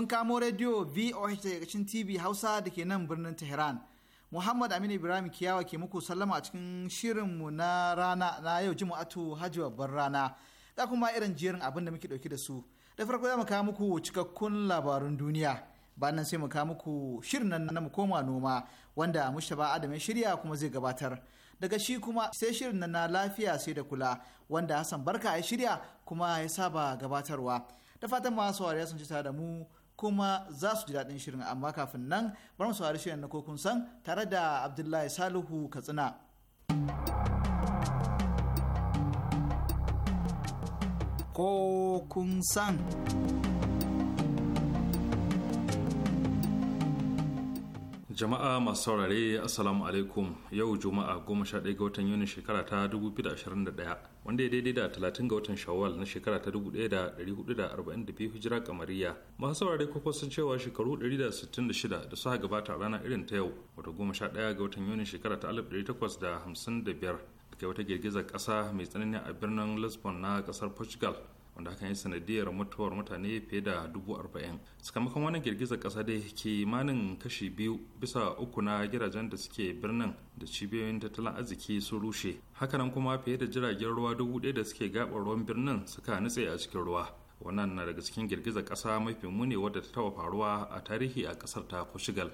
kun kamo rediyo VOH daga cikin TV Hausa da ke nan birnin Tehran. Muhammad Aminu Ibrahim Kiyawa ke muku sallama a cikin shirinmu na rana na yau Juma'atu Hajji babban rana. Da kuma irin jerin abin da muke dauke da su. Da farko za mu kawo muku cikakkun labarun duniya. Bayan sai mu kawo muku shirin nan na mu koma noma wanda Mustapha Adam ya shirya kuma zai gabatar. Daga shi kuma sai shirin nan na lafiya sai da kula wanda Hassan Barka ya shirya kuma ya saba gabatarwa. Da fatan masu wariya sun ci tare da mu kuma za su ji daɗin shirin amma kafin nan bar mu saurari shirin na kokun san tare da abdullahi salihu katsina kokun san jama'a masu saurare assalamu alaikum yau juma'a goma sha ɗaya ga watan yuni shekara ta 2021 wanda ya daidai da 30 ga watan shawwal na shekara ta 1442 hijira kamariya masu saurare kuka sun cewa shekaru 166 da suka gabata a rana irin ta yau wata goma sha ɗaya ga watan yuni shekara ta 1855 kai wata girgizar ƙasa mai tsanani a birnin lisbon na ƙasar portugal wanda hakan ya sanadiyar mutuwar mutane fiye da dubu arba'in sakamakon wani girgizar kasa dai kimanin kashi biyu bisa uku na gidajen da suke birnin da cibiyoyin tattalin arziki sun rushe hakanan kuma fiye da jiragen ruwa dubu ɗaya da suke gabar ruwan birnin suka nutse a cikin ruwa wannan na daga cikin girgizar kasa mafi muni wadda ta taɓa faruwa a tarihi a ƙasar ta portugal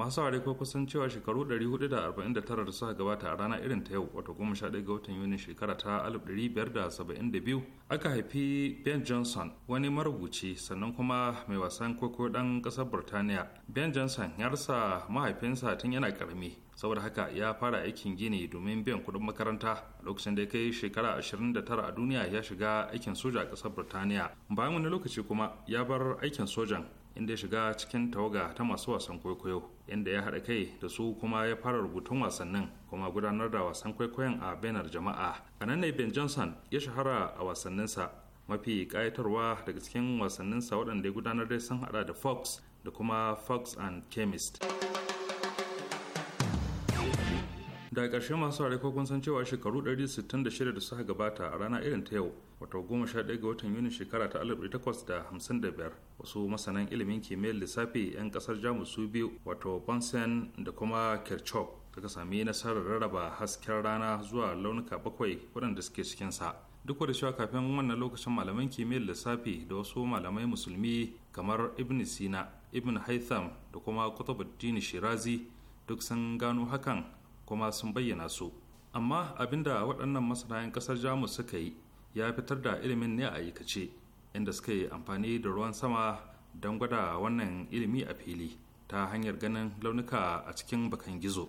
masu aure ko kusan cewa shekaru 449 da suka gabata a rana irin ta yau wato 11 ga watan yuni shekara ta 1572 aka haifi ben johnson wani marubuci sannan kuma mai wasan kwaikwayo dan kasar burtaniya ben johnson ya rasa mahaifinsa tun yana karami saboda haka ya fara aikin gini domin biyan kudin makaranta a lokacin da ya kai shekara 29 a duniya ya shiga aikin soja a kasar burtaniya bayan wani lokaci kuma ya bar aikin sojan inda ya shiga cikin tawaga ta masu wasan kwaikwayo inda ya haɗa kai da su kuma ya fara rubutun wasannin kuma gudanar da wasan kwaikwayon a bainar jama'a a nan ne ben johnson ya shahara a wasanninsa mafi ƙayatarwa daga cikin wasanninsa waɗanda ya gudanar da sun haɗa da fox da kuma fox and chemist da ƙarshe masu ware kun san cewa shekaru 166 da suka gabata a rana irin ta yau wata 11 ga watan Yuni shekara ta 1855 wasu masanan ilimin kimiyyar lissafi 'yan kasar jamus su biyu wato bonsen da kuma kirchhoff suka sami nasarar rarraba hasken rana zuwa launuka bakwai waɗanda suke cikinsa duk da cewa kafin wannan lokacin malaman kimiyyar lissafi da wasu malamai musulmi kamar ibn sina ibn haitham da kuma kutubuddin shirazi duk sun gano hakan kuma sun bayyana su amma abinda waɗannan masana ƙasar jamus suka yi ya fitar da ilimin ne a aikace inda suka yi amfani da ruwan sama don gwada wannan ilimi a fili ta hanyar ganin launuka a cikin bakan gizo.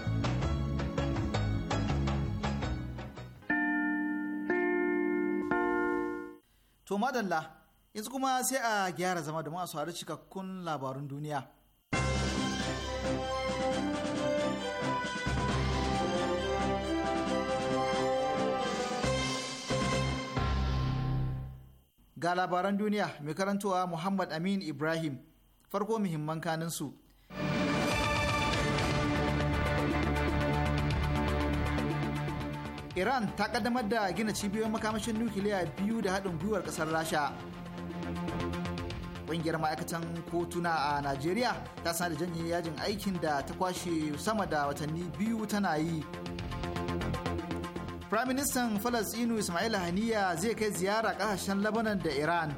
To madalla, yanzu kuma sai a gyara zama da masu haɗu cikakkun labarun duniya. Ga labaran duniya mai karantowa Muhammad Amin Ibrahim, farko muhimman kanunsu. iran ta kaddamar da gina cibiyoyin makamashin nukiliya biyu da haɗin gwiwar ƙasar rasha ƙungiyar ma'aikatan kotuna a najeriya ta sanar da janye yajin aikin da ta kwashe sama da watanni biyu tana yi Firayim Ministan falasɗinu ismail haniya zai kai ziyara ƙasashen labanan da iran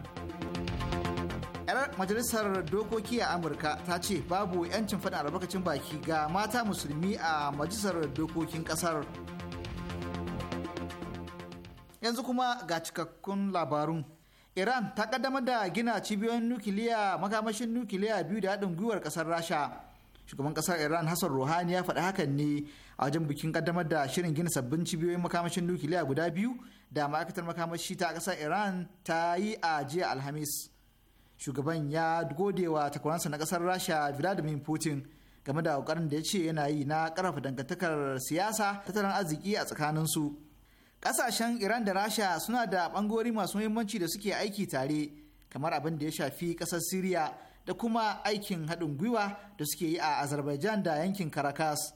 yar majalisar dokoki a amurka ta ce babu 'yancin faɗin albarkacin baki ga mata musulmi a majalisar dokokin ƙasar. yanzu kuma ga cikakkun labarun iran ta kaddama da gina cibiyoyin nukiliya makamashin nukiliya biyu da haɗin gwiwar ƙasar rasha shugaban ƙasar iran hassan ruhani ya faɗi hakan ne a wajen bikin kaddama da shirin gina sabbin cibiyoyin makamashin nukiliya guda biyu da ma'aikatar makamashi ta ƙasar iran ta yi a jiya alhamis shugaban ya gode wa takwaransa na ƙasar rasha vladimir putin game da ƙoƙarin da ya ce yana yi na ƙarfafa dangantakar siyasa tattalin arziki a tsakaninsu. su Ƙasashen Iran da Rasha suna da bangori masu muhimmanci da suke aiki tare, kamar abin da ya shafi kasar Siriya da kuma aikin haɗin gwiwa da suke yi a Azerbaijan da yankin Caracas.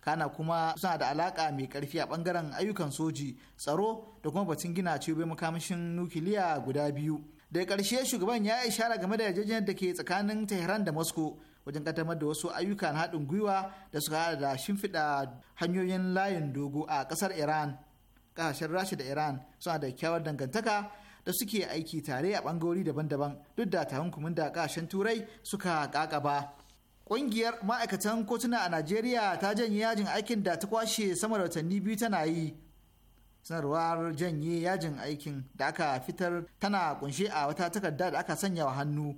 Kana kuma suna da alaƙa mai ƙarfi a ɓangaren ayyukan soji, tsaro da kuma batun gina cibiyoyin makamashin nukiliya guda biyu. Daga ƙarshe shugaban ya ishara game da yarjejeniyar da ke tsakanin Tehran da Moscow wajen kaddamar da wasu ayyukan haɗin gwiwa da suka haɗa da shimfiɗa hanyoyin layin dogo a ƙasar Iran. kasashen rasha da iran suna da kyawar dangantaka da suke aiki tare a bangarori daban-daban duk da tahunkumin da kasashen turai suka kakaba Ƙungiyar ma'aikatan kotuna a Najeriya ta janye yajin aikin da ta kwashe sama da watanni biyu tana yi. Sanarwar janye yajin aikin da aka fitar tana kunshe a wata takarda da aka sanya wa hannu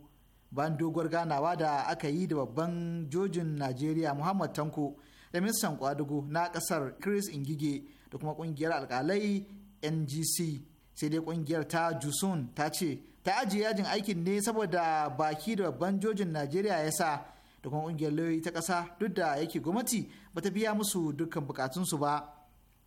bayan doguwar ganawa da aka yi da babban jojin Najeriya Muhammad Tanko da ministan kwadugo na kasar Chris Ingige da kuma kungiyar alkalai ngc sai dai kungiyar ta jusun ta ce ta ajiye yajin aikin ne saboda baki da babban jojin najeriya ya sa da kuma kungiyar lauyoyi ta kasa duk da yake gwamnati ba ta biya musu dukkan bukatunsu ba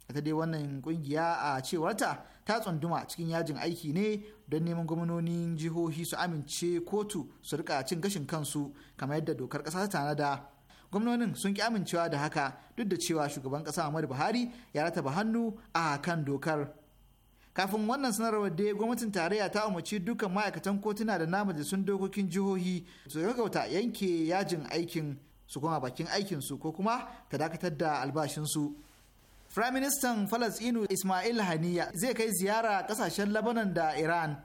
ta dai wannan kungiya a cewarta ta tsunduma cikin yajin aiki ne don neman gwamnonin jihohi su amince kotu su rika cin gashin kansu kamar yadda dokar kasa ta tanada gwamnonin sun ki amincewa da haka duk da cewa shugaban ƙasa muhammadu buhari ya rataba hannu a kan dokar kafin wannan sanarwar da gwamnatin tarayya ta umarci dukkan ma'aikatan kotuna da na majalisun dokokin jihohi su gaggauta yanke yajin aikin su kuma bakin aikin su ko kuma ta dakatar da albashinsu Firayim Ministan Falasɗinu Ismail Haniya zai kai ziyara ƙasashen Labanan da Iran.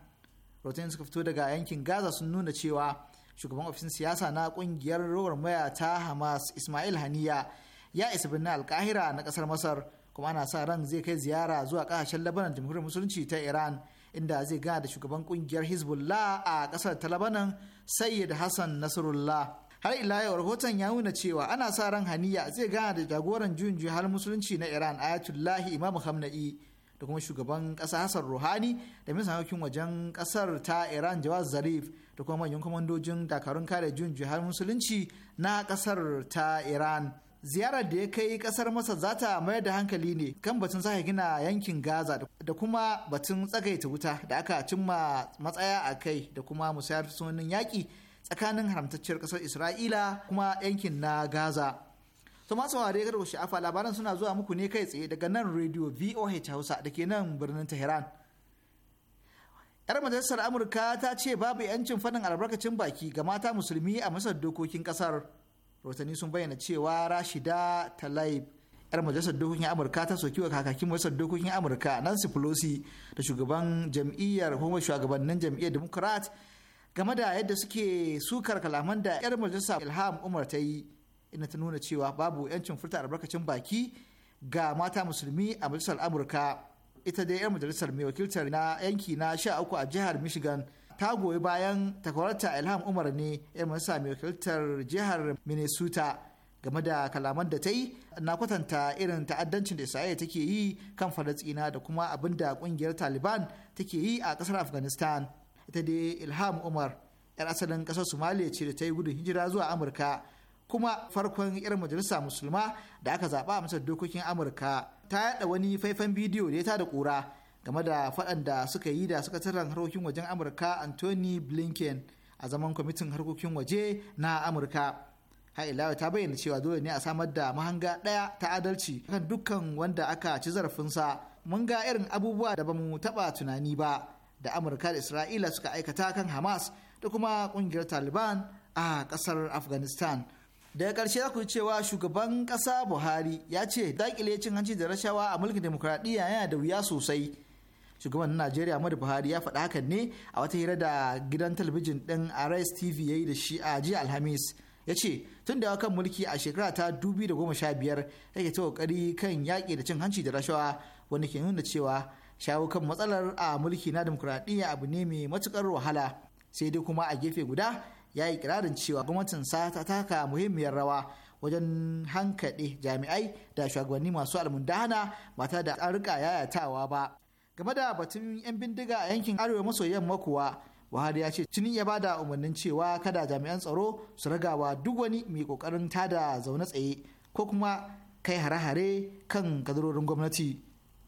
Rotin suka fito daga yankin Gaza sun nuna cewa shugaban ofishin siyasa na kungiyar rogar maya ta hamas ismail haniya ya isa birnin alkahira na kasar masar kuma ana sa ran zai kai ziyara zuwa kasashen labanan jamhuriyar musulunci ta iran inda zai gana da shugaban kungiyar hezbollah a kasar ta labanan sayyid hassan nasrullah har ila yau rahoton ya nuna cewa ana sa ran haniya zai gana da jagoran juyin juyin musulunci na iran ayatullahi imam hamna'i da kuma shugaban kasa Hassan ruhani da minista harkokin wajen ƙasar ta Iran jawaz Zarif da kuma manyan kwamandojin dakarun kare junji jihar musulunci na kasar ta Iran. Ziyarar da ya kai ƙasar Masar za ta mayar da hankali ne kan batun sake gina yankin Gaza da kuma batun tsagaita wuta da aka cimma matsaya a kai da kuma musayar sunan yaƙi tsakanin haramtacciyar kasar Isra'ila kuma yankin na Gaza. To masu saurare kada sha'afa labaran suna zuwa muku ne kai tsaye daga nan Radio VOH Hausa da ke nan birnin Tehran. Yar majalisar Amurka ta ce babu 'yancin fannin albarkacin baki ga mata musulmi a masar dokokin kasar Rotani sun bayyana cewa Rashida talib yar majalisar dokokin Amurka ta soki wa kakakin majalisar dokokin Amurka Nancy Pelosi da shugaban jam'iyyar kuma shugabannin jam'iyyar Democrat game da yadda suke sukar kalaman da yar majalisar Ilham Umar ta yi ina ta nuna cewa babu 'yancin furta albarkacin baki ga mata musulmi a majalisar amurka ita dai 'yan majalisar mai wakiltar na yanki na sha uku a jihar michigan ta goyi bayan takwararta ilham umar ne 'yan majalisar mai wakiltar jihar minnesota game da kalaman da ta yi na kwatanta irin ta'addancin da isra'ila take yi kan falastina da kuma abin da kungiyar taliban take yi a kasar afghanistan ita dai ilham umar 'yar asalin kasar somalia ce da ta yi gudun hijira zuwa amurka kuma farkon irin majalisa musulma da aka zaba a masar dokokin amurka ta yada wani faifan bidiyo da ya tada kura game da faɗan da suka yi da sakataren harkokin wajen amurka anthony blinken a zaman kwamitin harkokin waje na amurka ha'ilawa ta bayyana cewa dole ne a samar da mahanga ɗaya ta adalci kan dukkan wanda aka ci zarafinsa mun ga irin abubuwa da ba mu taɓa tunani ba da amurka da isra'ila suka aikata kan hamas da kuma ƙungiyar taliban a ƙasar afghanistan daga karshe za ku ji cewa shugaban ƙasa buhari ya ce dakile cin hanci da rashawa a mulkin demokuraɗiyya yana da wuya sosai shugaban najeriya muhammadu buhari ya faɗa hakan ne a wata hira da gidan talabijin ɗin arise tv ya yi da shi a jiya alhamis ya ce tun da kan mulki a shekara ta da 2015 yake ta kokari kan yaƙi da cin hanci da rashawa wanda ke nuna cewa shawo kan matsalar a mulki na demokuraɗiyya abu ne mai matuƙar wahala sai dai kuma a gefe guda ya yi kirarin cewa gwamnatinsa ta taka muhimmiyar rawa wajen hankaɗe jami'ai da shugabanni masu almundana ba ta da an yayatawa ba game da batun 'yan bindiga a yankin arewa maso yamma kuwa buhari ya ce tuni ya bada umarnin cewa kada jami'an tsaro su ragawa duk wani mai kokarin tada zaune tsaye ko kuma kai hare-hare kan kadarorin gwamnati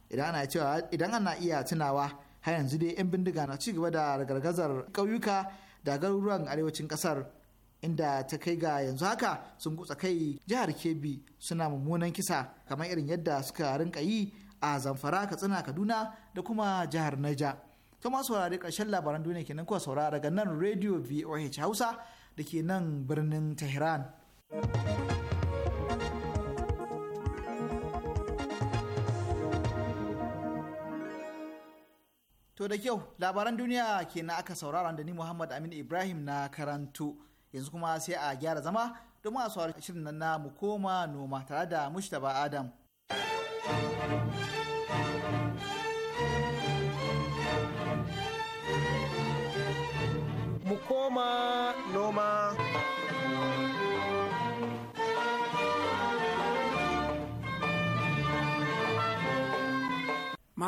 idan ana iya tunawa har yanzu dai 'yan bindiga na ci gaba da ragargazar ƙauyuka da garuruwan arewacin kasar inda ta kai ga yanzu haka sun kutsa kai jihar kebbi suna mummunan kisa kamar irin yadda suka rinka yi a zamfara katsina kaduna da kuma jihar naija to ma saurari karshen labaran duniya kenan kuwa saurara daga nan radio voh hausa da ke nan birnin tehran To da kyau labaran duniya ke na aka saurara da ni Muhammad Amin Ibrahim na karantu yanzu kuma sai a gyara zama domin a saurari shirin nan na mu koma noma tare da Mushtaba Adam. Mu koma noma.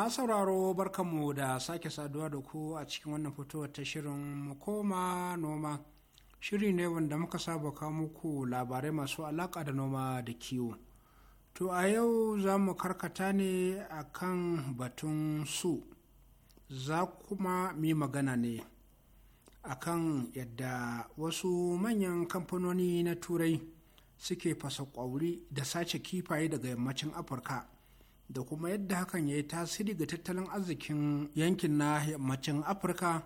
sauraro barkanmu da sake saduwa da ku a cikin wannan fitowar ta shirin koma noma shiri ne wanda muka saba kawo muku labarai masu alaƙa da noma da kiwo to a yau za mu karkata ne a kan batun su za kuma mi magana ne a kan yadda wasu manyan kamfanoni na turai suke fasa ƙwauri da sace kifaye daga yammacin afirka da kuma yadda hakan ya yi tasiri ga tattalin arzikin yankin na yammacin afirka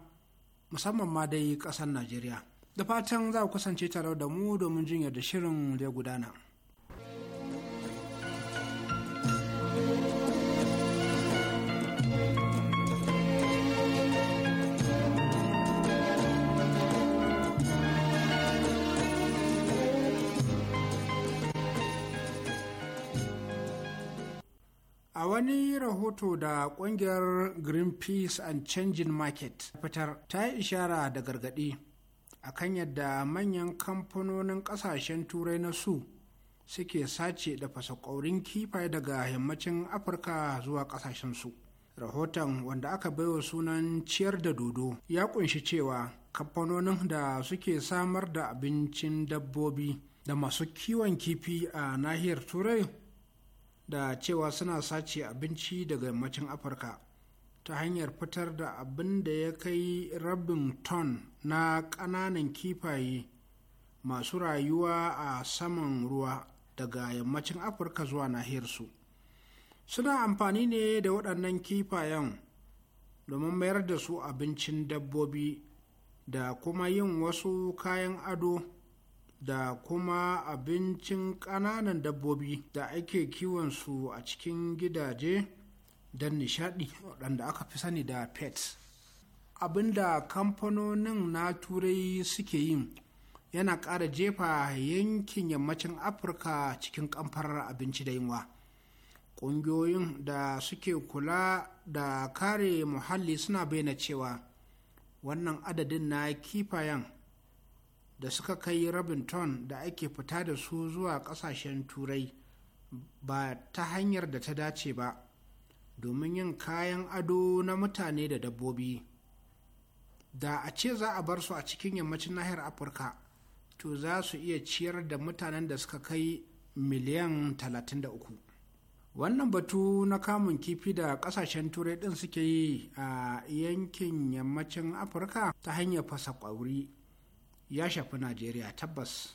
musamman ma dai ƙasar najeriya da fatan za ku kasance tare da mu domin jin da shirin zai gudana wani rahoto da kungiyar greenpeace and changing market fitar ta yi ishara da gargaɗi akan yadda manyan kamfanonin ƙasashen turai na su suke sace da fasakorin kifaye daga yammacin afirka zuwa su. rahoton wanda aka baiwa sunan ciyar da dodo ya kunshi cewa kamfanonin da suke samar da abincin dabbobi da masu kiwon kifi a nahiyar turai da cewa suna sace abinci daga yammacin afirka ta hanyar fitar da abin da ya kai rabin ton na ƙananan kifaye masu rayuwa a saman ruwa daga yammacin afirka zuwa su suna amfani ne da waɗannan kifayen domin mayar da su abincin dabbobi da kuma yin wasu kayan ado da kuma abincin ƙananan dabbobi da ake kiwonsu a cikin gidaje don nishaɗi waɗanda aka fi sani da pets da kamfanonin na turai suke yin yana ƙara jefa yankin yammacin afirka cikin kamfar abinci da yunwa ƙungiyoyin da suke kula da kare muhalli suna bayyana cewa wannan adadin na kifayen da suka kai rabin ton da ake fita da su zuwa ƙasashen turai ba ta hanyar da ta dace ba domin yin kayan ado na mutane da dabbobi da a ce za a bar su a cikin yammacin nahiyar afirka to za su iya ciyar da mutanen da suka kai miliyan 33 wannan batu na kamun kifi da kasashen turai din suke yi a yankin yammacin afirka ta hanyar fasa kwauri ya shafi najeriya tabbas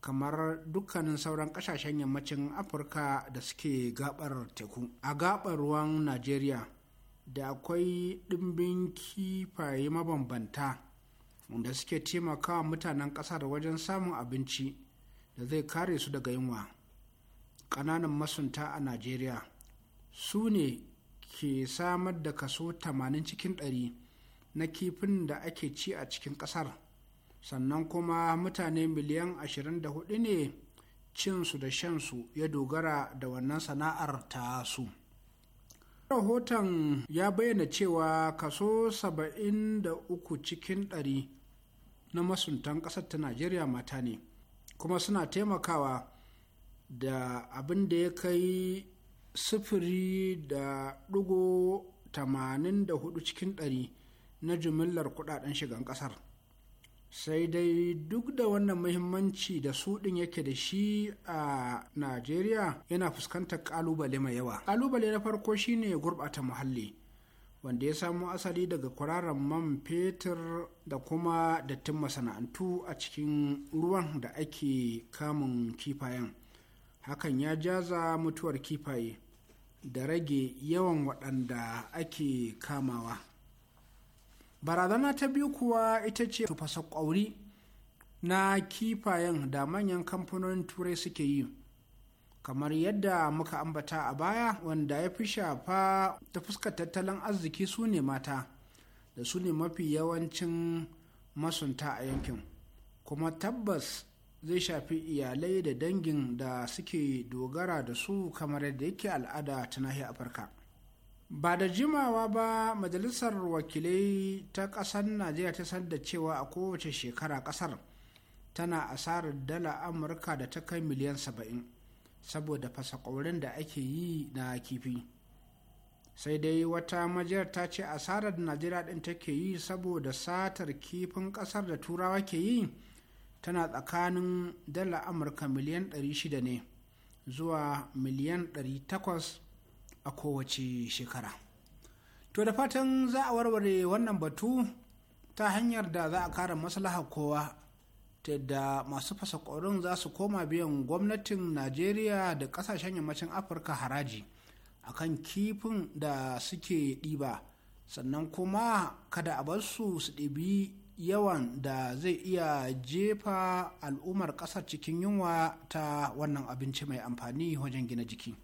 kamar dukkanin sauran kasashen yammacin afirka da suke gabar teku a gabar ruwan najeriya da akwai ɗimbin kifaye mabambanta wanda suke taimakawa mutanen ƙasar wajen samun abinci da zai kare su daga yunwa ƙananan masunta a najeriya su ne ke samar da kaso 80 cikin 100 na kifin da ake ci a cikin ƙasar sannan kuma mutane miliyan 24 ne cinsu da shansu ya dogara da wannan sana'ar ta su rahoton ya bayyana cewa kaso 73 cikin 100 na masuntan ƙasar ta najeriya mata ne kuma suna taimakawa da abin da ya kai sifiri da dugo 84 cikin 100 na jimillar kudaden shigan ƙasar sai dai duk da wannan muhimmanci da su ɗin yake da shi a najeriya yana fuskantar kalubale mai yawa kalubale na farko shine gurɓata muhalli wanda ya samo asali daga kwararan man fetur da kuma dattin masana'antu a cikin ruwan da ake kamun kifayen hakan ya jaza mutuwar kifaye da rage yawan waɗanda ake kamawa barazana ta biyu kuwa ita ce tufasa ƙwauri na kifayen da manyan kamfanonin turai suke yi kamar yadda muka ambata a baya wanda ya fi shafa ta fuskar tattalin arziki su ne mata da su ne mafi yawancin masunta a yankin kuma tabbas zai shafi iyalai da dangin da suke dogara da su kamar yadda yake al'ada ta nahiyar afirka ba da jimawa ba majalisar wakilai ta ƙasar najeriya ta sanda cewa a kowace shekara ƙasar tana asarar dala amurka da ta kai miliyan saba'in saboda fasakorin da ake yi na kifi sai dai wata majiyar ta ce asarar najeriya ɗin take yi saboda satar kifin ƙasar da turawa ke yi tana tsakanin dala amurka miliyan 600 ne zuwa miliyan 800 a kowace shekara to da fatan za a warware wannan batu ta hanyar da za a kare maslaha kowa ta yadda masu fasa ƙorin za su koma biyan gwamnatin najeriya da ƙasashen yammacin afirka haraji a kan kifin da suke ɗiba sannan kuma kada a bar su su ɗibi yawan da zai iya jefa al'ummar ƙasar cikin yunwa ta wannan abinci mai amfani wajen gina jiki.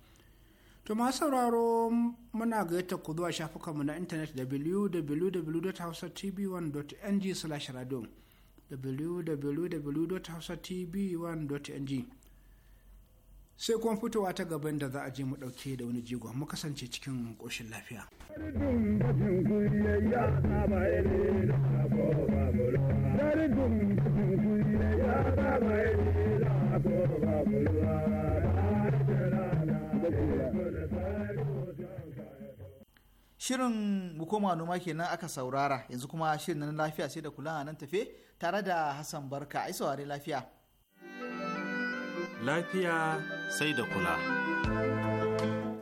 To masu sauraro muna gayyata ku zuwa shafukanmu na intanet www.hausatv1.ng slash radio www.hausatv1.ng sai kuma fitowa ta gaban da za a je mu dauke da wani jigon mu kasance cikin ƙoshin lafiya. Dari Shirin koma noma kenan aka saurara yanzu kuma shirin nan lafiya sai da kula a nan tafe tare da Hassan Barka ai saurari lafiya. Lafiya sai da kula.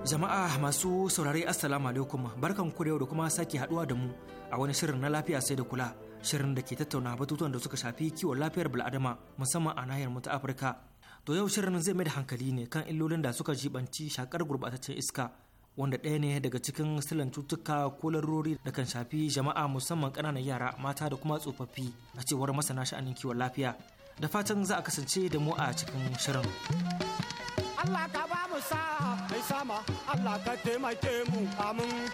Jama'a masu saurari Assalamu alaikum barkan ku da yau da kuma sake haduwa da mu a wani shirin na lafiya sai da kula shirin da ke tattauna batutuwan da suka shafi kiwon lafiyar bil'adama musamman a nahiyar mu ta Afirka. to yau shirin zai mai da hankali ne kan illolin da suka jibanci shakar gurbataccen iska wanda ɗaya ne daga cikin silan cutuka ko larurori da kan shafi jama'a musamman ƙananan yara mata da kuma tsofaffi a cewar masana sha'anin kiwon lafiya da fatan za a kasance da mu a cikin shirin Allah ka ba mu sa mai sama Allah ka taimake mu amin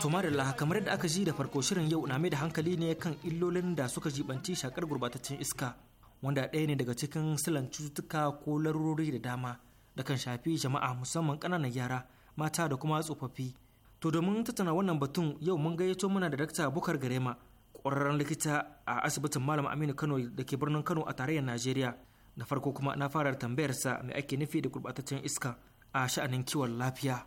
Tumarilla kamar yadda aka ji da farko shirin yau na mai da hankali ne kan illolin da suka jibanci shakar gurbataccen iska wanda ɗaya ne daga cikin silan cututtuka ko larurori da dama da kan shafi jama'a musamman ƙananan yara mata da kuma tsofaffi. To domin tattauna wannan batun yau mun gayyato mana da Dakta Bukar Garema ƙwararren likita a asibitin Malam Aminu Kano da ke birnin Kano a tarayyar Najeriya. Da farko kuma na fara tambayarsa mai ake nufi da gurbataccen iska a sha'anin kiwon lafiya.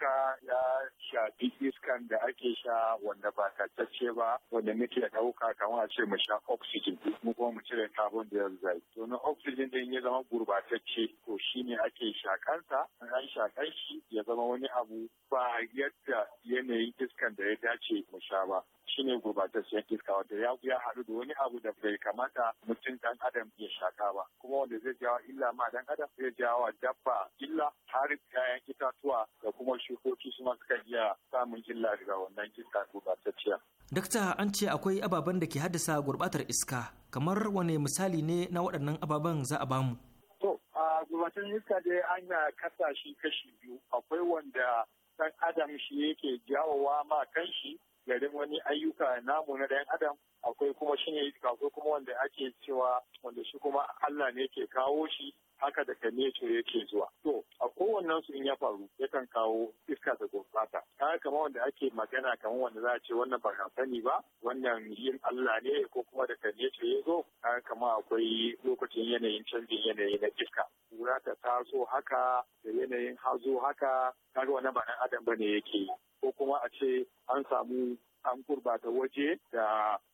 iska ya shafi iskan da ake sha wanda ba tatacce ba wanda muke ɗauka kamar a ce mu sha oxygen mu kuma mu cire carbon dioxide to na oxygen din ya zama gurbatacce to shine ake shakansa an shakan shi ya zama wani abu ba yadda yanayin iskan da ya dace mu sha ba shine gurbatacciyar iska wanda ya ya haɗu da wani abu da bai kamata mutum dan adam ya shaka ba kuma wanda zai jawo illa ma dan adam zai jawo dabba illa har kayan itatuwa da kuma jikoki su ma suka iya samun illa daga wannan iska gurbatacciya. Dakta an ce akwai ababen da ke haddasa gurbatar iska kamar wane misali ne na waɗannan ababen za a bamu. To, a gurbatan iska dai an kasa kasashe kashi biyu akwai wanda ɗan adam shi yake jawowa ma kanshi garin wani ayyuka namu na ɗayan adam akwai kuma shi ne kaso kuma wanda ake cewa wanda shi kuma Allah ne ke kawo shi haka daga nature yake zuwa. To, a kowannen su in ya faru yakan kawo iska da gurbata. Kaga kamar wanda ake magana kamar wanda za a ce wannan ba sani ba, wannan yin Allah ne ko kuma daga nature ya zo, kaga kamar akwai lokacin yanayin canjin yanayi na iska. Kura ta taso haka da yanayin hazo haka, kaga wannan ba ɗan adam bane yake yi. ko kuma a ce an samu an gurbata waje da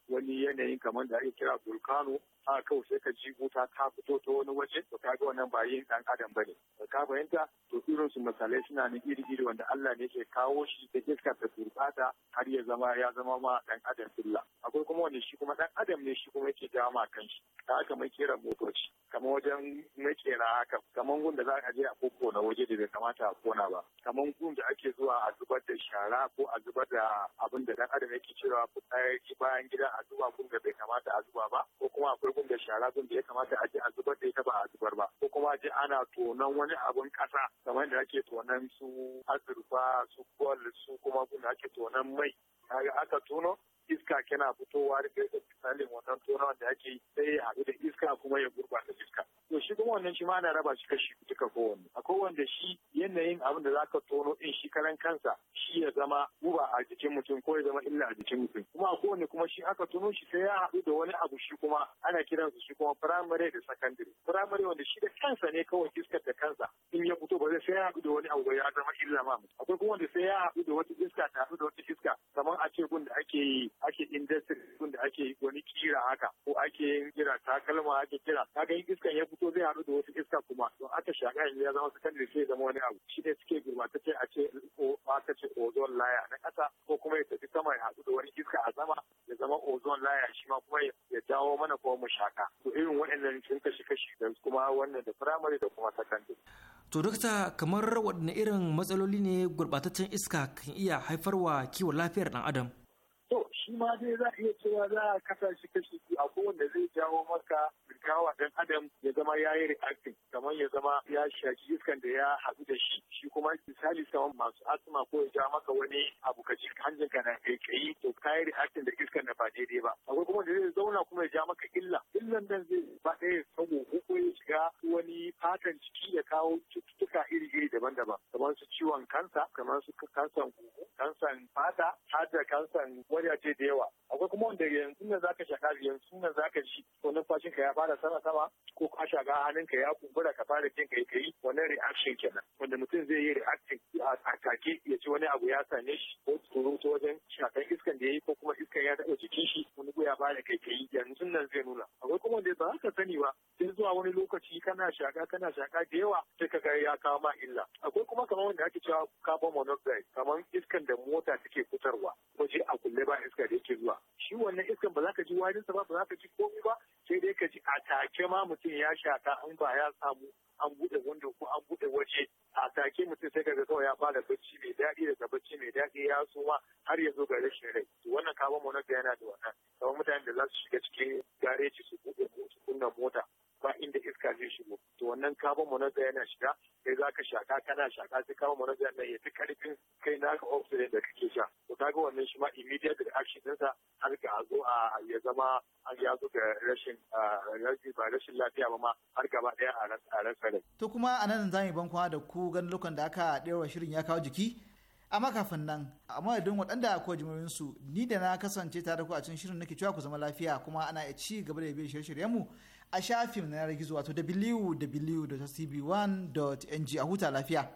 wani yanayin kamar da ake kira vulcano a kawai sai ka ji wuta ta fito ta wani waje to ka ga wannan ba yin dan adam bane ka fahimta to irin su misalai suna nan iri iri wanda Allah ne ke kawo shi da iska ta turbata har ya zama ya zama ma dan adam billa akwai kuma wanda shi kuma dan adam ne shi kuma yake dama kanshi ta haka mai kera motoci kamar wajen makera haka kamar gun da za a je a koko na waje da bai kamata a kona ba kamar gun da ake zuwa a zubar da shara ko a zubar da abin da dan adam yake cirewa fitsari bayan gida a zuba gun da bai kamata a zuba ba ko kuma akwai gun da shara gun da ya kamata a je a zubar da ita ba a zubar ba ko kuma je ana tonon wani abun kasa kamar da ake tonon su azurfa su gol su kuma gun da ake tonon mai kaga aka tono iska kena fitowa da kai misalin wannan tonon da ake sai ya haɗu da iska kuma ya gurbata iska to shi kuma wannan shi ma ana raba shi kashi duka kowanne akwai wanda shi yanayin abin da zaka tono din shi karan kansa shi ya zama guba a jikin mutum ko ya zama illa a jikin mutum kuma akwai kowane kuma shi aka tuno shi sai ya haɗu da wani abu shi kuma ana kiransu shi kuma firamare da sakandare firamare wanda shi da kansa ne kawai iskar da kansa in ya fito ba zai sai ya haɗu da wani abu ba ya zama illa ma akwai kuma wanda sai ya haɗu da wata iska ta haɗu da wata iska kamar a ce gun da ake yi ake industry gun da ake wani kira haka ko ake yin kira takalma ake kira kaga in iskan ya fito zai haɗu da wata iska kuma don aka shaka in ya zama sakandare sai ya zama wani abu shi ne suke gurbatacce a ce ko aka ce ozon laya na ƙasa ko kuma ya tafi sama ya haɗu da wani shi kuma ya jawo mana kuma mu shaka to irin waɗannan sun kashi kashi da kuma wannan da firamare da kuma secondary to dokta kamar waɗanne irin matsaloli ne gurɓataccen iska kan iya haifarwa kiwon lafiyar ɗan adam. to shi ma dai za a iya cewa za a kasa shi kashi a kowanne zai jawo maka kawa dan adam ya zama ya yi reaction kamar ya zama ya shaki iskan da ya haɗu da shi shi kuma misali kamar masu asma ko ya ja maka wani abu ka ji hanjin ka na kai to ka yi reaction da iskan da ba daidai ba akwai kuma da zai zauna kuma ya ja maka illa illan nan zai ba ɗaya sabo ko ya shiga wani fatan ciki ya kawo cututtuka iri-iri daban-daban kamar su ciwon kansa kamar su kansan huhu kansan fata har da kansan wajaje da yawa akwai kuma wanda yanzu ne zaka shaka yanzu ne zaka ji ko numfashin ka ya fara sama sama ko ka shaga hannunka ya kumbura ka fara jin kai kai wannan reaction kenan wanda mutum zai yi reaction a take ya ci wani abu ya same shi ko tsoro ta wajen shakan iskan da ya yi ko kuma iskan ya taɓa jikin shi wani ya fara kai kai yanzu nan zai nuna akwai kuma wanda ba ka sani ba sai zuwa wani lokaci kana shaka kana shaka da yawa sai ka ga ya kawo ma illa akwai kuma kamar wanda ake cewa carbon monoxide kamar iskan da mota take fitarwa waje a kulle ba iska da yake zuwa shi wannan iskan ba za ka ji warinsa ba ba za ka ji komai ba sai dai ka ji a take ma mutum ya shaka an ba ya samu an bude wando ko an bude waje a take mutum sai kaga kawai ya fara bacci mai daɗi daga bacci mai daɗi ya suma har ya zo ga rashin rai to wannan kama monaka yana da wannan kamar mutanen da za su shiga cikin gareji su buɗe kunna mota ba inda iska zai shigo to wannan carbon monoxide yana shiga sai za ka shaka kana shaka sai carbon monoxide na ya fi karfin kai naka oxygen da kake sha to kaga wannan shi ma immediate reaction sa har ka a zo a ya zama an ya zo ga rashin ba rashin lafiya ba ma har gaba daya a rasa rai. to kuma a nan za mu ban kwa da ku ganin lokacin da aka ɗewa shirin ya kawo jiki amma kafin nan a madadin waɗanda ko su ni da na kasance tare ku a cikin shirin nake cewa ku zama lafiya kuma ana ci gaba da bin shirye-shiryenmu mu a shafin na yanar gizo wato wwwcb 1ng a huta lafiya.